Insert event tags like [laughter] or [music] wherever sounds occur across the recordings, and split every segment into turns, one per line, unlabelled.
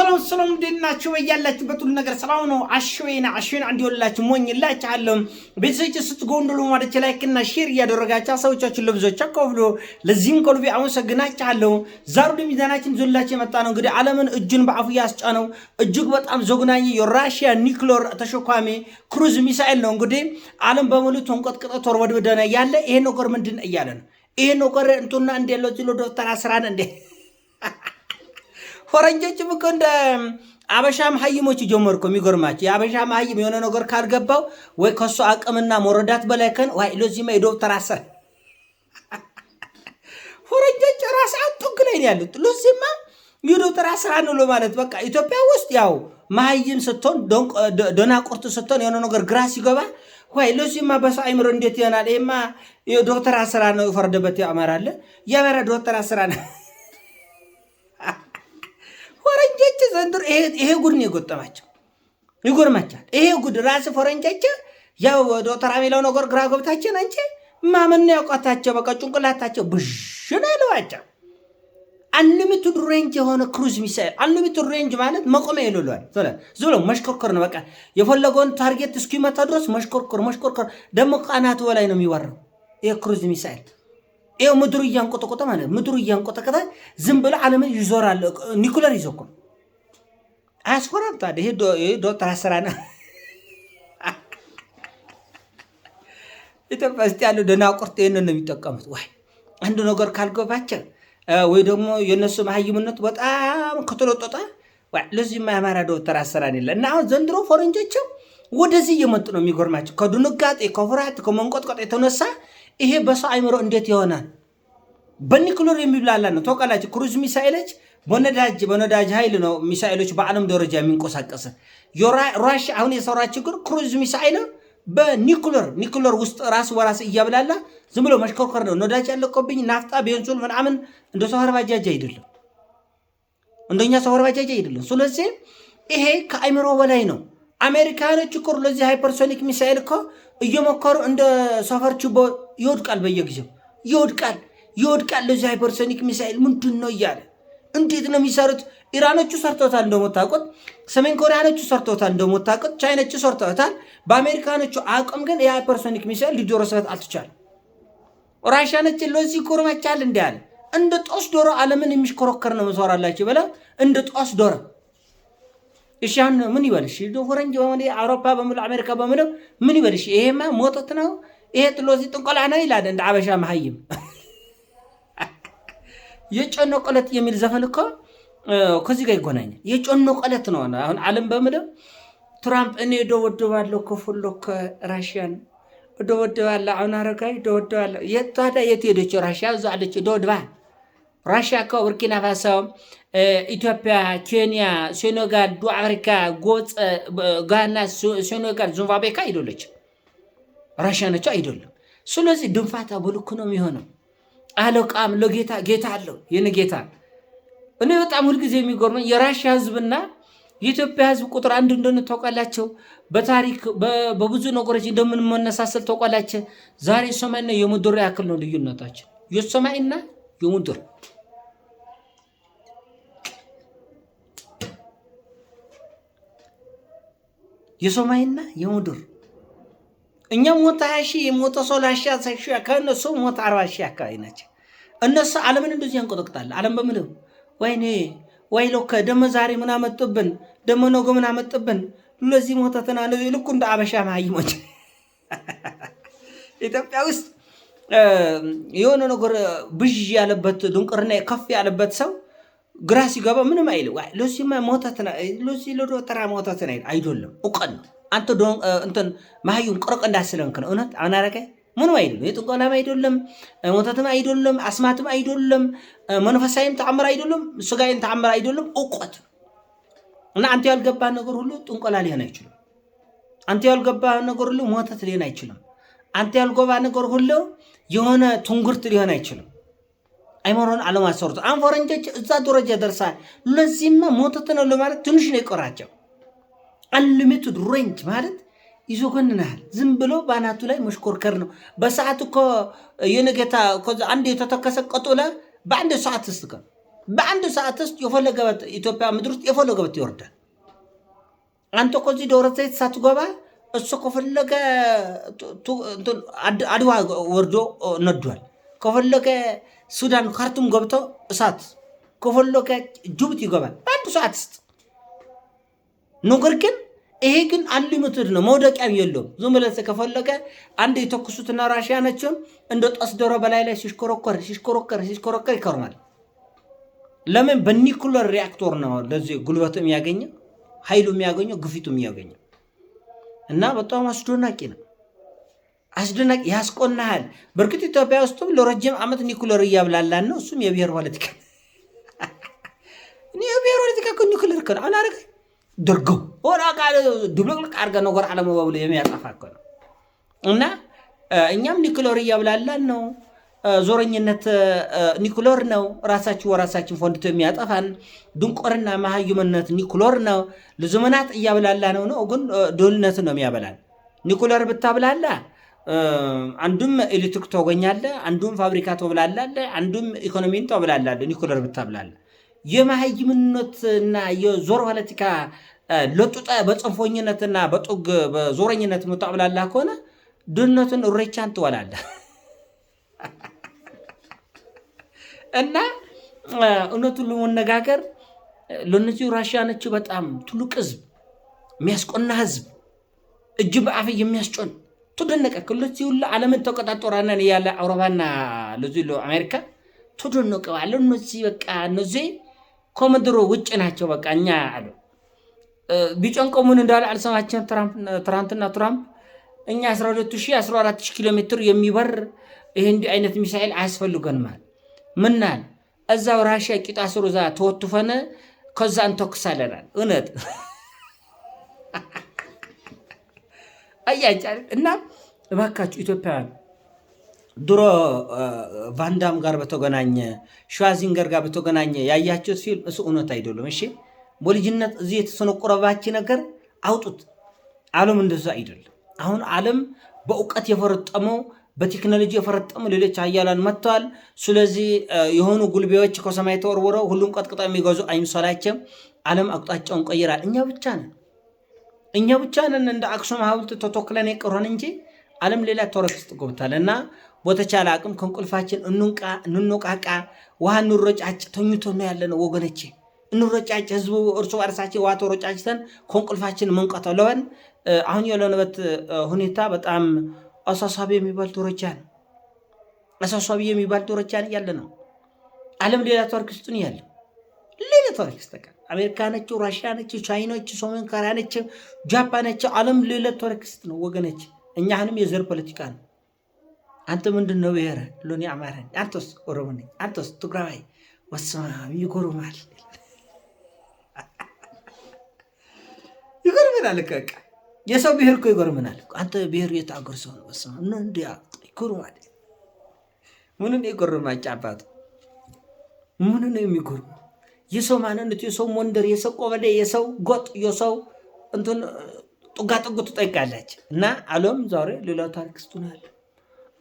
ሰላም ሰላም፣ እንዴት ናችሁ? በያላችሁበት ሁሉ ነገር ሰላም ነው። አሽወይና አሽወይና እንዲወላችሁ ሞኝላችኋለሁ። ቤተሰቦች ስትጎንዱሉ ማለት ላይክ እና ሼር እያደረጋችሁ ሰዎቻችሁን ለብዙዎች አካፍሉ። ለዚህም ከልቤ አመሰግናችኋለሁ። ዛሬ ወደ ሚዛናችን ዞላችሁ የመጣ ነው እንግዲህ ዓለምን እጁን በአፉ ያስጫነው እጅግ በጣም ዘግናኝ የራሽያ ኒክሎር ተሸኳሚ ክሩዝ ሚሳኤል ነው። እንግዲህ ዓለም በሙሉ ተንቆጥቅጦ ተወርወድብደና ያለ ይሄ ነገር ምንድን እያለ ነው ይሄ ነገር እንትና እንዴ ዝሎ ዶክተር አስራን እንዴ ፈረንጆችም እኮ እንደ አበሻ መሀይሞች ጀመርኩ። እኮ የሚገርማቸው የአበሻ መሀይም የሆነ ነገር ካልገባው ወይ ከሱ አቅምና መረዳት በላይ ከን ዋይ ሎዚማ የዶብ አሰር ፈረንጆች [laughs] ራስ አጡግ ላይ ያሉት ሎዚማ የዶክተር አሰር አንሎ ማለት በቃ ኢትዮጵያ ውስጥ ያው መሀይም ስትሆን ደናቁርት ስትሆን የሆነ ነገር ግራ ሲገባ ዋይ ሎዚማ በሰው አይምሮ እንዴት ይሆናል? ይማ ዶክተር አስራ ነው ይፈርድበት። ያመራለ የአመራ ዶክተር አስራ ነው ፈረንጆች ዘንድሮ ይሄ ጉድ ነው የጎጠማቸው። ይጎርማቻል። ይሄ ጉድ ራስ ፈረንጆች ያው ዶክተር አሚለው ነገር ግራ ገብታችን አንቺ ማመን ያውቃታቸው። በቃ ጭንቅላታቸው ብዥ ነው ያለዋቸው። አንሊሚትድ ሬንጅ የሆነ ክሩዝ ሚሳይል አንሊሚትድ ሬንጅ ማለት መቆሚያ ይሉሏል። ዝም ብሎ መሽኮርኮር ነው በቃ የፈለገውን ታርጌት እስኪመታ ድረስ መሽኮርኮር መሽኮርኮር፣ ደግሞ ቃናት በላይ ነው የሚወራው ይህ ክሩዝ ሚሳይል። ይህ ምድሩ እያንቆጠቆጠ ማለት ምድሩ እያንቆጠቀጠ ዝም ብሎ ዓለምን ይዞራል። ኒኩለር ይዞ እኮ አያስኮረምጣል። ይሄ ዶክተር አሰራና ኢትዮጵያ ውስጥ ያለው ደናቁርት ይህንን ነው የሚጠቀሙት። ወይ አንድ ነገር ካልገባቸው ወይ ደግሞ የእነሱ መሀይምነት በጣም ከተለጠጠ ለዚህማ የአማራ ዶክተር አሰራን የለ እና አሁን ዘንድሮ ፈረንጆችም ወደዚህ እየመጡ ነው። የሚጎርማቸው ከድንጋጤ ከፍርሃት ከመንቆጥቆጥ የተነሳ ይሄ በሰው አይምሮ እንዴት ይሆናል? በኒክሎር የሚብላላ ነው። ተወቃላችሁ ክሩዝ ሚሳይሎች በነዳጅ በነዳጅ ኃይል ነው ሚሳኤሎች በዓለም ደረጃ የሚንቆሳቀስ። ራሽ አሁን የሰራ ችግር ክሩዝ ሚሳኤል በኒኩለር ኒኩለር ውስጥ ራስ ወራስ እያብላላ ዝም ብሎ መሽከርከር ነው። ነዳጅ ያለቀብኝ ናፍጣ፣ ቤንዙል ምናምን እንደ ሰፈር ባጃጅ አይደለም፣ እንደኛ ሰፈር ባጃጅ አይደለም። ስለዚህ ይሄ ከአይምሮ በላይ ነው። አሜሪካኖች እኮ ለዚህ ሃይፐርሶኒክ ሚሳኤል እኮ እየሞከሩ እንደ ሰፈር ችቦ ይወድቃል፣ በየጊዜው ይወድቃል፣ ይወድቃል። ለዚህ ሃይፐርሶኒክ ሚሳኤል ምንድን ነው እያለ እንዴት ነው የሚሰሩት? ኢራኖቹ ሰርቶታል እንደሞታቆት፣ ሰሜን ኮሪያኖቹ ሰርቶታል እንደሞታቆት፣ ቻይኖቹ ሰርቶታል። በአሜሪካኖቹ አቅም ግን የሃይፐርሶኒክ ሚሳይል ሊደረስበት አልተቻለም። ራሽያኖች ለዚህ ኮርማቻል እንዲ ያለ እንደ ጦስ ዶሮ ዓለምን የሚሽከረከር ነው መሰራላቸው በላ እንደ ጦስ ዶሮ እሺ፣ አሁን ምን ይበልሽ? ፈረንጅ በምን አውሮፓ በሙሉ አሜሪካ በሙሉ ምን ይበልሽ? ይሄማ ሞቶት ነው ይሄ ጥሎሲ ጥንቆላ ነው ይላል እንደ አበሻ መሀይም የጨነቀለት የሚል ዘፈን እኮ ከዚህ ጋር ይጎናኛል። የጨነቀለት ነው። አሁን ዓለም በምድር ትራምፕ እኔ እደወድባለሁ ክፉሎ ራሽያን እደወድባለሁ። አሁን አረጋዊ እደወድባለሁ። የታዳ ታዲያ የት ሄደች ራሽያ? እዛ አለች እደወድባ ራሽያ እኮ ቡርኪና ፋሶ፣ ኢትዮጵያ፣ ኬንያ፣ ሴኔጋል፣ ዱ አፍሪካ፣ ጎፅ፣ ጋና፣ ሴኔጋል፣ ዚምባብዌ አይደለች ራሽያ ነች አይደለም። ስለዚህ ድንፋታ በልክ ነው የሚሆነው። አለቃም ለጌታ ጌታ አለው። ይህን ጌታ እኔ በጣም ሁልጊዜ የሚጎርመኝ የራሽያ ህዝብና የኢትዮጵያ ህዝብ ቁጥር አንድ እንደሆነ ታውቃላቸው። በታሪክ በብዙ ነገሮች እንደምንመነሳሰል ታውቃላቸው። ዛሬ ሶማይና የምድር ያክል ነው ልዩነታችን፣ የሰማይና የምድር የሰማይና የምድር እኛ ሞት ሀያ ሺህ የሞተ ሰው ላሻ ለሀሺ ከእነሱ ሞት አርባ ሺህ አካባቢ ናቸው። እነሱ ዓለምን እንደዚህ ያንቆጠቅጣል። ዓለም በምልም ወይኔ ወይ ሎከ ደመ ዛሬ ምን አመጡብን፣ ደመ ነገ ምን አመጡብን፣ ለዚህ ሞተትና ለዚህ ልኩ እንደ አበሻ መሀይሞች [laughs] ኢትዮጵያ ውስጥ የሆነ ነገር ብዥ ያለበት ድንቁርና ከፍ ያለበት ሰው ግራ ሲገባ ምንም አይልም። ሎሲ ሞተትና ሎሲ ለዚህ ለዶተራ ሞተትና አይደለም እውቀት ነው። አንተ ዶን እንትን ማህዩም ቆረቅ እንዳስለንክ ነው። እውነት አናረከ ምንም አይደለም። የጥንቆላም አይደለም፣ ሞተትም አይደለም፣ አስማትም አይደለም፣ መንፈሳዊም ተአምር አይደለም፣ ስጋይም ተአምር አይደለም። እውቀት እና አንተ ያልገባህ ነገር ሁሉ ጥንቆላ ሊሆን አይችልም። አንተ ያልገባህ ነገር ሁሉ ሞተት ሊሆን አይችልም። አንተ ያልገባህ ነገር ሁሉ የሆነ ትንጉርት ሊሆን አይችልም። አይመሮን አለማሰሩት አንፈረንጆች እዛ ደረጃ ደርሳል። ለዚህማ ሞተት ነው ለማለት ትንሽ ነው የቆራቸው አንሊሚትድ ሬንጅ ማለት ይዞገንናል። ዝም ብሎ ባናቱ ላይ መሽኮርከር ነው። በሰዓት እኮ የነጌታ አንድ የተተከሰ ቀጦላ በአንድ ሰዓት ውስጥ በአንድ ሰዓት ውስጥ የፈለገበት ኢትዮጵያ ምድር ውስጥ የፈለገበት ይወርዳል። አንተ እኮ እዚህ ደብረ ዘይት ሳትገባ እሱ ከፈለገ አድዋ ወርዶ ነዷል። ከፈለገ ሱዳን ካርቱም ገብቶ እሳት ከፈለገ ጅቡቲ ይገባል በአንድ ሰዓት ውስጥ ነገር ግን ይሄ ግን አንሊሚትድ ነው፣ መውደቂያም የለውም። ዝም ብለህ ከፈለገ አንድ የተኩሱትና ራሽያ ነችም እንደ ጦስ ዶሮ በላይ ላይ ሲሽኮረኮር ሲሽኮረኮር ሲሽኮረኮር ይከርማል። ለምን በኒኩለር ሪያክቶር ነው ለዚህ ጉልበቱ የሚያገኘ ኃይሉ የሚያገኘው ግፊቱ የሚያገኘው እና በጣም አስደናቂ ነው። አስደናቂ ያስቆናሃል። በእርግጥ ኢትዮጵያ ውስጥም ለረጅም ዓመት ኒኩለር እያብላላን ነው። እሱም የብሔር ፖለቲካ [laughs] የብሔር ፖለቲካ ኒኩለር ከ ድርገው ሆነ ቃል ድብልቅልቅ አድርገን ነው ጎርዓ የሚያጠፋ እኮ ነው። እና እኛም ኒክሎር እያብላላን ነው። ዞረኝነት ኒክሎር ነው። ራሳችን ወራሳችን ፎንድቶ የሚያጠፋን ድንቆርና መሀይምነት ኒክሎር ነው። ለዘመናት እያብላላ ነው ነው ግን ዶልነት ነው የሚያበላል። ኒኩለር ብታብላላ አንዱም ኤሌክትሪክ ተወገኛለ፣ አንዱም ፋብሪካ ተብላላለ፣ አንዱም ኢኮኖሚን ተብላላለ። ኒኩለር ብታብላላ የማህይምነትና የዞር ፖለቲካ ለጡጠ በፅንፎኝነትና በጡግ በዞረኝነት ምታብላላ ከሆነ ድህነትን እሬቻን ትወላለ እና እውነቱን ለመነጋገር ለእነዚህ ራሽያኖች በጣም ትልቅ ህዝብ የሚያስቆና ህዝብ እጅ በአፍ የሚያስጮን ተደነቀ ክሎት ሁሉ ዓለምን ተቆጣጠራና እያለ አውሮፓና ለዚ አሜሪካ ተደነቀ ባለ እነዚህ በቃ እነዚህ ከምድሩ ውጭ ናቸው። በቃ እኛ አሉ ቢጨንቀሙን እንዳለ አልሰማችን። ትራንትና ትራምፕ እኛ 120 140 ኪሎ ሜትር የሚበር ይህ እንዲህ አይነት ሚሳኤል አያስፈልገንማል። ምናል እዛው ራሽያ ቂጣ ስሩ እዛ ተወትፈነ ከዛ እንተኩሳለናል። እውነት [laughs] አያጫ እና እባካችሁ ኢትዮጵያውያን ድሮ ቫንዳም ጋር በተገናኘ ሸዋዚንገር ጋር በተገናኘ ያያቸው ፊልም እሱ እውነት አይደሉም። እሺ በልጅነት እዚ የተሰነቆረባችሁ ነገር አውጡት። ዓለም እንደዛ አይደለም። አሁን ዓለም በእውቀት የፈረጠመው በቴክኖሎጂ የፈረጠሙ ሌሎች አያላን መጥተዋል። ስለዚህ የሆኑ ጉልቤዎች ከሰማይ ተወርውረው ሁሉም ቀጥቅጠ የሚገዙ አይምሰላቸው። ዓለም አቅጣጫውን ቀይራል። እኛ ብቻ ነን እኛ ብቻ ነን እንደ አክሱም ሐውልት ተተክለን የቀረን እንጂ ዓለም ሌላ ተረክስት ገብታል እና በተቻለ አቅም ከእንቅልፋችን እንንቃ፣ እንንቃቃ። ውሃ እንረጫጭ። ተኝቶ ነው ያለ ነው ወገኖቼ፣ እንረጫጭ። ህዝቡ እርሱ በርሳችን ውሃ ተረጫጭተን ከእንቅልፋችን መንቀት አለብን። አሁን ያለንበት ሁኔታ በጣም አሳሳቢ የሚባል ደረጃ ነው። አሳሳቢ የሚባል ደረጃ ያለ ነው። ዓለም ሌላ ታሪክ ውስጥ ነው ያለ፣ ሌላ ታሪክ ውስጥ ተቀ አሜሪካ ነች፣ ራሽያ ነች፣ ቻይና ነች፣ ሰሜን ኮሪያ ነች፣ ጃፓን ነች። ዓለም ሌላ ታሪክ ውስጥ ነው ወገነች። እኛ አሁንም የዘር ፖለቲካ ነው አንተ ምንድን ነው ብሔረ ሎኒ አማረን አንተስ ኦሮሞ ነኝ አንተስ ትግራዋይ ወስማም ይጎርማል [laughs] ይጎርምናል እኮ በቃ የሰው ብሔር እኮ ይጎርምናል አንተ ብሔር የት አገር ሰው ነው ወስማ እና እንዲያ ይጎርማል ምኑን የጎርማ ጫባቱ ምኑ ነው የሚጎርመው የሰው ማንነት የሰው መንደር የሰው ቆበሌ የሰው ጎጥ የሰው እንትን ጥጋጥጉ ትጠይቃላች እና አሎም ዛሬ ሌላ ታሪክ ስቱናል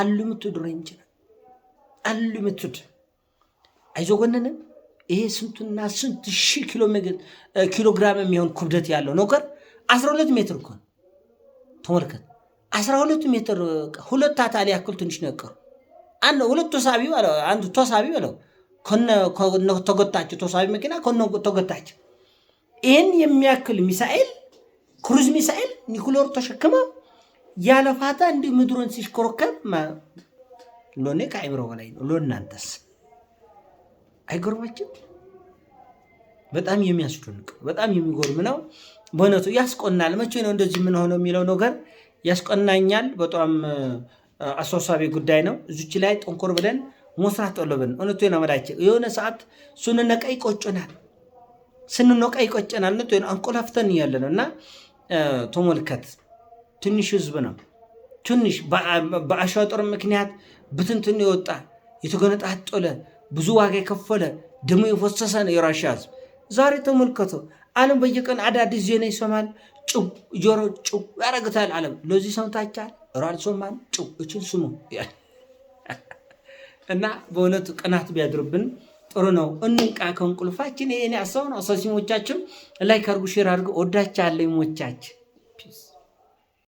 አልምቱድ ሬንጅ አልምቱድ አይዞ ጎንንም ይሄ ስንቱና ስንት ሺህ ኪሎግራም የሚሆን ክብደት ያለው ነገር አስራ ሁለት ሜትር እኮ ተመልከት። አስራ ሁለት ሜትር ሁለት ታታሊ ያክል ትንሽ ነቀሩ። ሁለት ተሳቢ አንዱ ተሳቢ በለው ተጎታቸው፣ ተሳቢ መኪና ከነ ተጎታቸው። ይህን የሚያክል ሚሳኤል ክሩዝ ሚሳኤል ኒኩሎር ተሸክመው ያለፋታ ፋታ እንዲህ ምድሮን ሲሽከረከር ሎኔ ከአይምሮ በላይ ነው። ሎናንተስ አይገርማችሁም? በጣም የሚያስደንቅ በጣም የሚጎርም ነው በእውነቱ ያስቆናል። መቼ ነው እንደዚህ ምን ሆነው የሚለው ነገር ያስቆናኛል። በጣም አሳሳቢ ጉዳይ ነው። እዚች ላይ ጠንኮር ብለን መስራት ጠለብን። እውነቱ ናመዳቸው የሆነ ሰዓት ስንነቃ ይቆጭናል፣ ስንነቃ ይቆጭናል። ነ አንቆላፍተን ያለ ነው እና ተመልከት ትንሽ ህዝብ ነው። ትንሽ በአሻጦር ምክንያት ብትንትን የወጣ የተገነጣጠለ ብዙ ዋጋ የከፈለ ደሞ የፈሰሰ ነው የራሻ ህዝብ። ዛሬ ተመልከቶ ዓለም በየቀን አዳዲስ ዜና ይሰማል። ጭው ጆሮ ጭው ያረግታል። ዓለም ለዚህ ሰምታችኋል? ራልሶማን ጭው እችን ስሙ እና በእውነቱ ቅናት ቢያድርብን ጥሩ ነው። እንንቃ ከእንቅልፋችን። ይሄን ያሰው ነው። ሰሲሞቻችን ላይክ አድርጉ፣ ሼር አድርጉ። ወዳቻለሁ። ሞቻችን ፒስ